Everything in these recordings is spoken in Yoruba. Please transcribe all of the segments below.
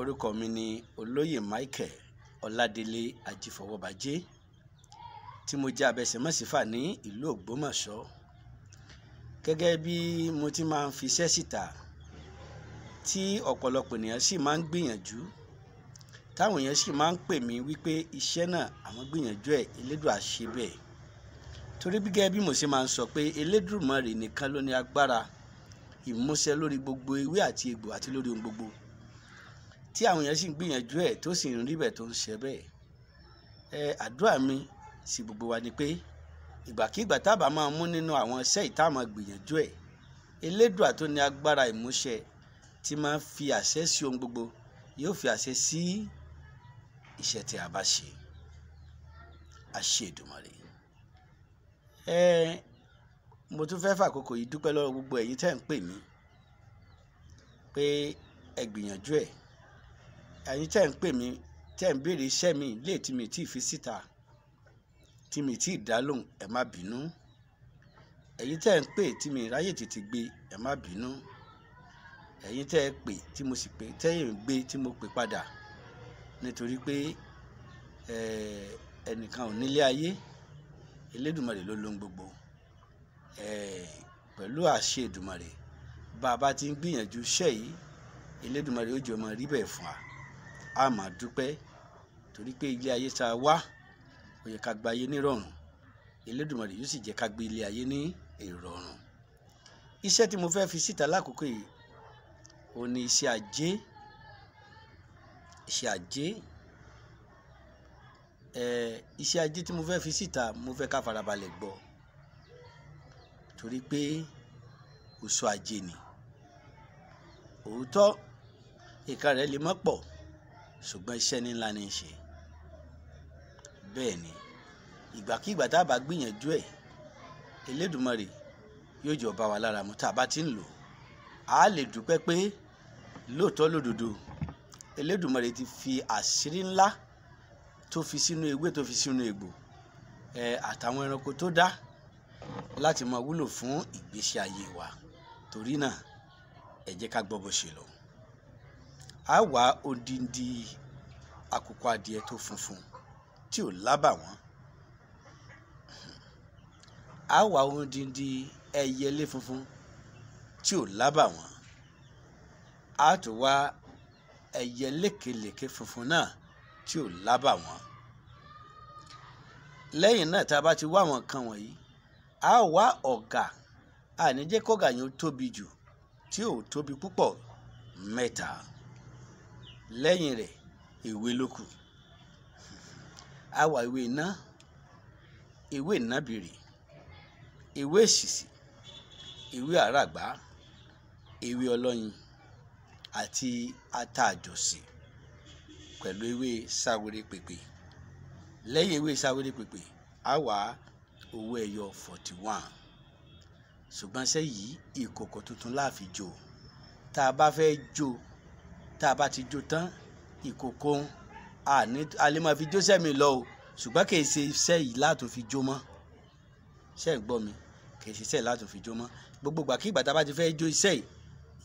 orúkọ mi ni olóyè michael ọládélé ajífọwọ́bajé tí mo jẹ́ abẹsẹ̀mọ́sífà ní ìlú ògbómọ̀ṣọ́ gẹ́gẹ́ bí mo ti máa ń fiṣẹ́ síta tí ọ̀pọ̀lọpọ̀ ènìyàn sì máa ń gbìyànjú táwọn èèyàn sì máa ń pè mí wípé iṣẹ́ náà àwọn gbìyànjú ẹ̀ elédùà ṣe bẹ́ẹ̀ torí bí bí mo ṣe máa ń sọ pé elédùmarè nìkan ló ní agbára ìmúṣẹ lórí gbogbo ewé àti egbò àti lórí ohun gbogbo tí àwọn èèyàn sì ń gbìyànjú ẹ̀ tó sì ń rí tó ń ṣe bẹ́ẹ̀ ẹ àdúrà mi sì gbogbo wa ni pé ìgbàkigbà tábà máa mú nínú àwọn iṣẹ́ ìta máa gbìyànjú ẹ̀ elédùà tó ní agbára ìmúṣẹ tí máa fi àṣẹ sí ohun gbogbo yóò fi àṣẹ sí iṣẹ́ tí a bá ṣe àṣẹ Èdùmàrè ẹ mo tún fẹ́ fàkókò yìí dúpẹ́ lọ́wọ́ gbogbo ẹ̀yin tẹ́ ń pè mí pé ẹ gbìyànjú ẹ̀ ẹ̀yin tẹ́ ń pè mí tẹ́ ń béèrè iṣẹ́ mi léè tí mi tí ì fi síta tí mi tí ì dá lóhùn ẹ má bínú ẹ̀yin tẹ́ ń pè tí mi ráyè tètè gbé ẹ má bínú ẹ̀yin tẹ́ ẹ pè tí mo sì pè tẹ́yìn gbé tí mo pè padà nítorí pé ẹnìkan ò nílé ayé Elédùmarè ló lóhun gbogbo pẹ̀lú àṣẹ Èdùmarè bá ti ń gbìyànjú iṣẹ́ yìí ó jẹ́ ọmọ rí bẹ́ẹ̀ fún wa a máa dúpẹ́ torí pé ilé ayé tá a wá ó yẹ ká gba ayé nírọ̀rùn Elédùmarè yóò sì jẹ́ ká gbé ilé ayé ní ìrọ̀rùn iṣẹ́ tí mo fẹ́ fi síta lákòókò yìí ó ní iṣẹ́ ajé iṣẹ́ ajé ẹ iṣẹ́ ajé tí mo fẹ́ fi síta mo fẹ́ ká farabalẹ̀ gbọ́ torí pé oṣù ajé ni òótọ́ ìka rẹ̀ lè má pọ̀ ṣùgbọ́n iṣẹ́ ńlá ní í ṣe bẹ́ẹ̀ ni ìgbàkigbà tá a bá gbìyànjú ẹ̀ Elédùmarè yóò jọ bá wa lára mu tá a bá ti ń lò á lè dúpẹ́ pé lóòótọ́ lódodo Elédùmarè ti fi àṣírí ńlá tó fi sínú ewé tó fi sínú egbò ẹ àtàwọn ẹranko tó dá láti máa wúlò fún ìgbésí ayé wa torí náà ẹ jẹ́ ká gbọ́ bó ṣe lọ. a wá odindi àkùkọ adìẹ tó funfun tí ò lábàwọ́n a wà odindi ẹyẹlé funfun tí ò lábàwọ́n a tún wá ẹyẹ lékelèké funfun náà tí ò lábàwọ́n lẹ́yìn náà tá a bá ti wá àwọn nǹkan wọ̀nyí a wá ọ̀gà àníjẹ́ kọ́gà yẹn ó tóbi jù tí ò tóbi púpọ̀ mẹ́ta lẹ́yìn rẹ̀ èwe ló kù àwa ìwé iná ìwé ìnábìrì ìwé èsìsì ìwé àràgbá ìwé ọlọ́yin àti atáàjọsìn pẹ̀lú ewé sáwéré pèpè lẹ́yìn ewé sáwéré pèpè àwa owó ẹyọ forty one ṣùgbọ́n ṣé yìí ìkòkò tuntun la fi jó tá a bá fẹ́ jó tá a bá ti jó tán ìkòkò àní alẹ́ máa fi jó sẹ́mi lọ o ṣùgbọ́n kì í ṣe iṣẹ́ yìí látò fi jó mọ́ ṣe ń gbọ́ mi kì í ṣe iṣẹ́ látò fi jó mọ́ gbogbo ìgbà kí ìgbà bá ti fẹ́ jó iṣẹ́ yìí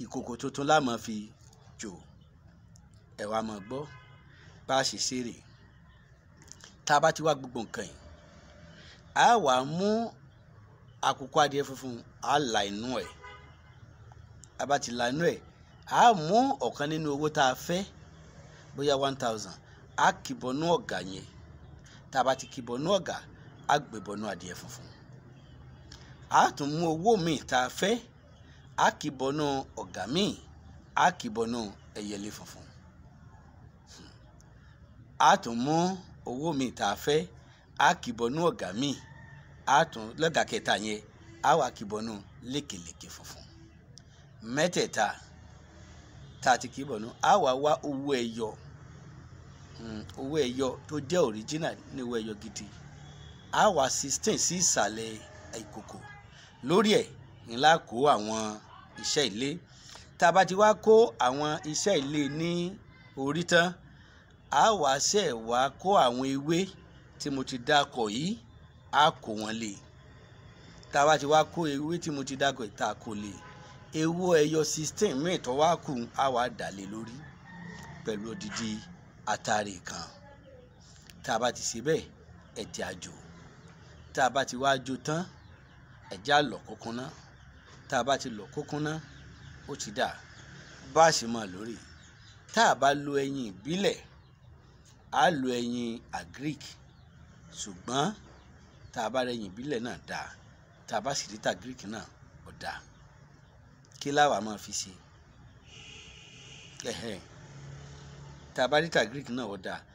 ìkòkò tuntun la máa fi jó ẹ wá máa gbọ́ bá a ṣe ṣe rè tá a bá ti wá gbogbo nǹkan yìí a wà mú àkùkọ adìẹ funfun a là inú ẹ̀ a bá ti là inú ẹ̀ a mú ọ̀kan nínú owó tá a fẹ́ bóyá one thousand á kìbọnú ọ̀gá yẹn tá a bá ti kìbọnú ọ̀gá á gbébọnú adìẹ funfun á tún mú owó míì tá a fẹ́ á kìbọnú ọ̀gá míì á kìbọnú ẹyẹlé funfun A tún mú owó míì tá a fẹ́ á kìbọnú ọ̀gá míì á tún lọ́gà kẹta yẹn á wà kìbọnú lékelèké funfun mẹ́tẹ̀ẹ̀ta tá a ti kì í bọ̀ nú a wá wá owó ẹyọ mm, owó ẹyọ tó jẹ́ original ní owó ẹyọ gidi a wá sixteen sí ìsàlẹ̀ ìkòkò lórí ẹ̀ ńlá kó àwọn iṣẹ́ ilé tá a bá ti wá kó àwọn iṣẹ́ ilé ní orí tán a wá ṣe wá kó àwọn ewé tí mo ti dákọ̀ yìí a kó wọn lé tá a bá ti wá kó ewé tí mo ti dákọ̀ yìí tá a kó lé ewó ẹyọ sixteen míì tó wá kù á wá dàlé lórí pẹ̀lú odidi atare kan tá a bá ti ṣe bẹ́ẹ̀ ẹ ti àjò tá a bá ti wá jó tán ẹ já lọ kókóná tá a bá ti lọ kókóná ó ti dà bá a sì mọ̀ lórí tá a bá lo ẹyin ìbílẹ̀ á lo ẹyin agric ṣùgbọ́n tá a bá rẹ ẹyin ìbílẹ̀ náà dáa tá a bá sì rí tagric náà ó dáa kí láwa máa fi ṣe tá a bá ríta greek náà ó dáa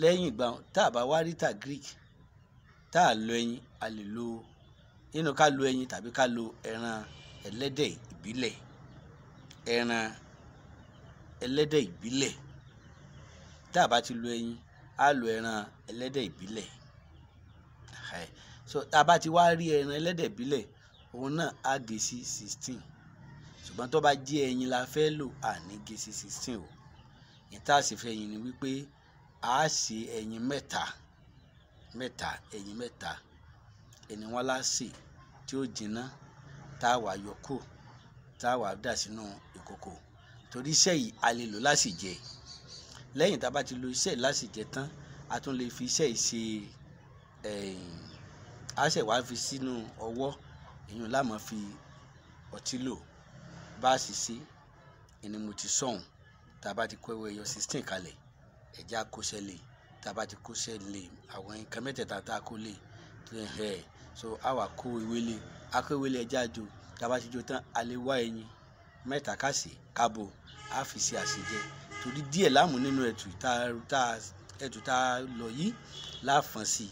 lẹ́yìn ìgbà tá a bá wá ríta greek tá a lo ẹyin a lè lo nínú ká lo ẹyin tàbí ká lo ẹran ẹlẹ́dẹ̀ ìbílẹ̀ ẹran ẹlẹ́dẹ̀ ìbílẹ̀ tá a bá ti lo ẹyin a lo ẹran ẹlẹ́dẹ̀ ìbílẹ̀ so tá a bá ti wá rí ẹran ẹlẹ́dẹ̀ ìbílẹ̀ òun náà á gé sí sixteen ṣùgbọ́n tó bá jẹ́ ẹyin la fẹ́ lò àní gé sí sixteen o ìta sì fẹ́ ẹyin ni wípé a ṣe ẹyin mẹ́ta mẹ́ta ẹyin mẹ́ta ẹni wọn la ṣe tí ó jinná tá a wà yọ kù tá a wà dà sínú ìkòkò torí iṣẹ́ yìí a lè lò lásìjẹ lẹ́yìn tá a bá ti lo iṣẹ́ yìí lásìjẹ tán a tún lè fi iṣẹ́ yìí ṣe a ṣẹ̀ wá fi sínú ọwọ́ èyí ò lámọ̀ fi ọtí lò báàsì sí ẹni mo ti sọ̀hún tá a bá ti kó ẹwọ ẹyọ sixteen kalẹ̀ ẹ̀já kóṣẹ́ lè tá a bá ti kóṣẹ́ lè àwọn nǹkan mẹ́tẹ̀ẹ̀ta tá a kó lè tó ẹ̀ so a wà kó ìwé lè a kó ìwé lè ẹja jò tá a bá ti jò tán a lè wá ẹyin mẹ́ta kásì kábò a fi ṣe àṣejẹ torí díẹ̀ láàmú nínú ẹ̀tù tá a ẹ̀tù tá a lọ yìí láàfọ̀n sí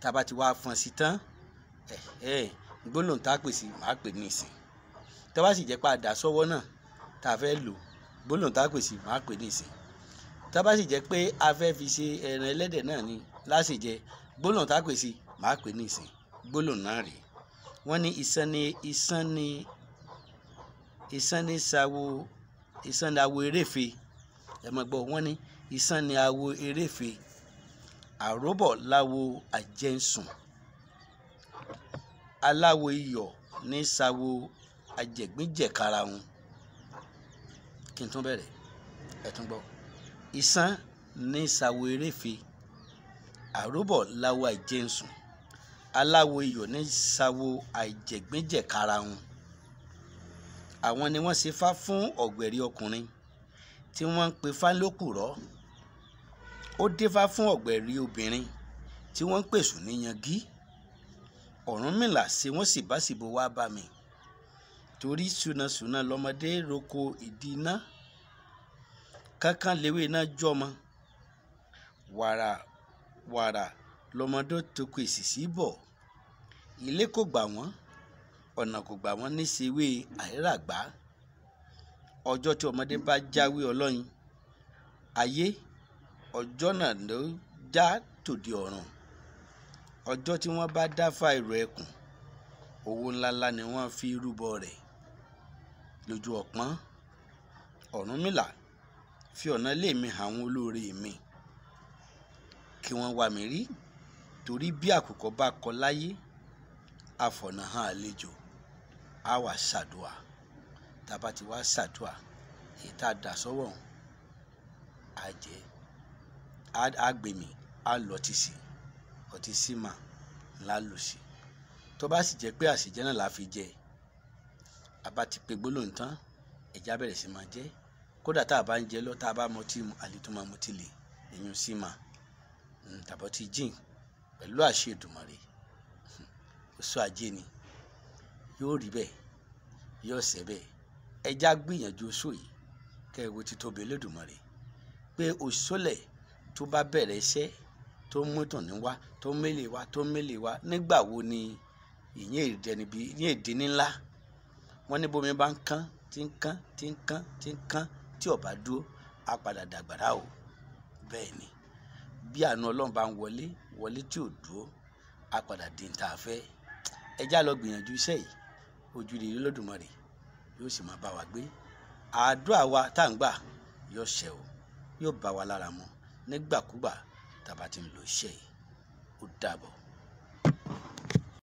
tá a bá ti wá fọ̀n sí tán ẹ̀ ẹ̀ gbólóhùn tá a pè sí màá pè ní ìsìn tó bá sì jẹ́ pé àdá sọ́wọ́ náà tá a fẹ́ lò gbólóhùn tá a pè sí máa pè ní ìsìn tó bá sì jẹ́ pé a fẹ́ fi ṣe ẹran ẹlẹ́dẹ̀ náà ni láṣìjẹ gbólóhùn tá a pè sí máa pè ní ìsìn gbólóhùn náà rèé wọ́n ní ìsan ni ìsan ni ìsan ni sawo ìsan ni awo eréfe ẹ mọ̀ gbọ́ wọ́n ní ìsan ni awo eréfe àróbọ̀ láwo àjẹsùn aláwo iyọ̀ ní sawo ajẹ̀gbẹ́jẹ̀kara wọn kí n tún bẹ̀rẹ̀ ẹ tún gbọ́ ìsán ní sawo eréfe àròbọ̀ láwo àìjẹnsùn aláwo iyọ̀ ní sawo àìjẹ̀gbẹ́jẹ̀kara wọn àwọn ni wọ́n ṣe fá fún ọ̀gbẹ̀rì ọkùnrin tí wọ́n ń pe fálókùrọ́ ó dífá fún ọ̀gbẹ̀rì obìnrin tí wọ́n ń pèsè níyangí Ọ̀rúnmìlà ṣe wọ́n sì bá sì bo wá bá mi torí sunasuna lọmọdé roko ìdí iná kankan lèwe iná jọmọ wàrà wàrà lọmọdé toko èsìsì bọ̀ ilé kò gbà wọ́n ọ̀nà kò gbà wọ́n níṣewé àríràgbá ọjọ́ tí ọmọdé bá jáwé ọlọ́yin ayé ọjọ́ náà ló já tòde ọ̀run ọjọ́ tí wọ́n bá dáfá ìrọ̀ ẹkùn owó ńláńlá ni wọ́n fi rúbọ rẹ̀ lójú ọpọ́n Ọ̀rúnmìlà fi ọ̀nà ilé mi hàn àwọn olóore mi kí wọ́n wá mi rí torí bí àkùkọ bá kọ láyé àfọ̀nà hàn àlejò á wà ṣàdúà tàbá ti wá ṣàdúà èyí tá a dà sọ́wọ́ ọ̀hún á jẹ́ á gbèmí á lọ ti sí ọtí sí mà ńlá lòsì tó bá sì jẹ́ pé àṣìjẹ́ náà la fi jẹ́ ẹ àbá ti pe gbólóhùn tán ẹja bẹ̀rẹ̀ sí máa jẹ́ kódà tá a bá ń jẹ lọ tá a bá mọtí mu àlètò máa mọtí lè èyàn sì mà hmm, tàbọ̀ ti jìn pẹ̀lú àṣẹ Èdùmàrè oṣù ajé ni yóò rí bẹ́ẹ̀ yóò ṣe bẹ́ẹ̀ ẹja gbìyànjú oṣù yìí kẹ́ ẹ wo ti tóbi Elédùmarè pé òṣòlẹ̀ tó bá bẹ̀rẹ̀ iṣẹ́ tó mú tòní wá tó mélèé wá tó mélèé wá nígbà wo ni ìyẹn èdè níbi ìyẹn èdè nílá wọ́n ní bómi bá ń kán tí ń kán tí ń kán tí ń kán tí ó dúró á padà dàgbàrá o bẹ́ẹ̀ ni bí àánú ọlọ́run bá ń wọlé wọlé tí ò dúró á padà di ní a fẹ́ ẹjá lọ gbìyànjú iṣẹ́ yìí ojú rere lọ́dùmarè yóò sì máa bá wa gbé àdúrà wa tá à ń gbà yóò ṣẹ o yóò bá wa lára mu nígbàkúgbà tá a bá ti ń lo iṣẹ́ yìí ó dàbọ̀.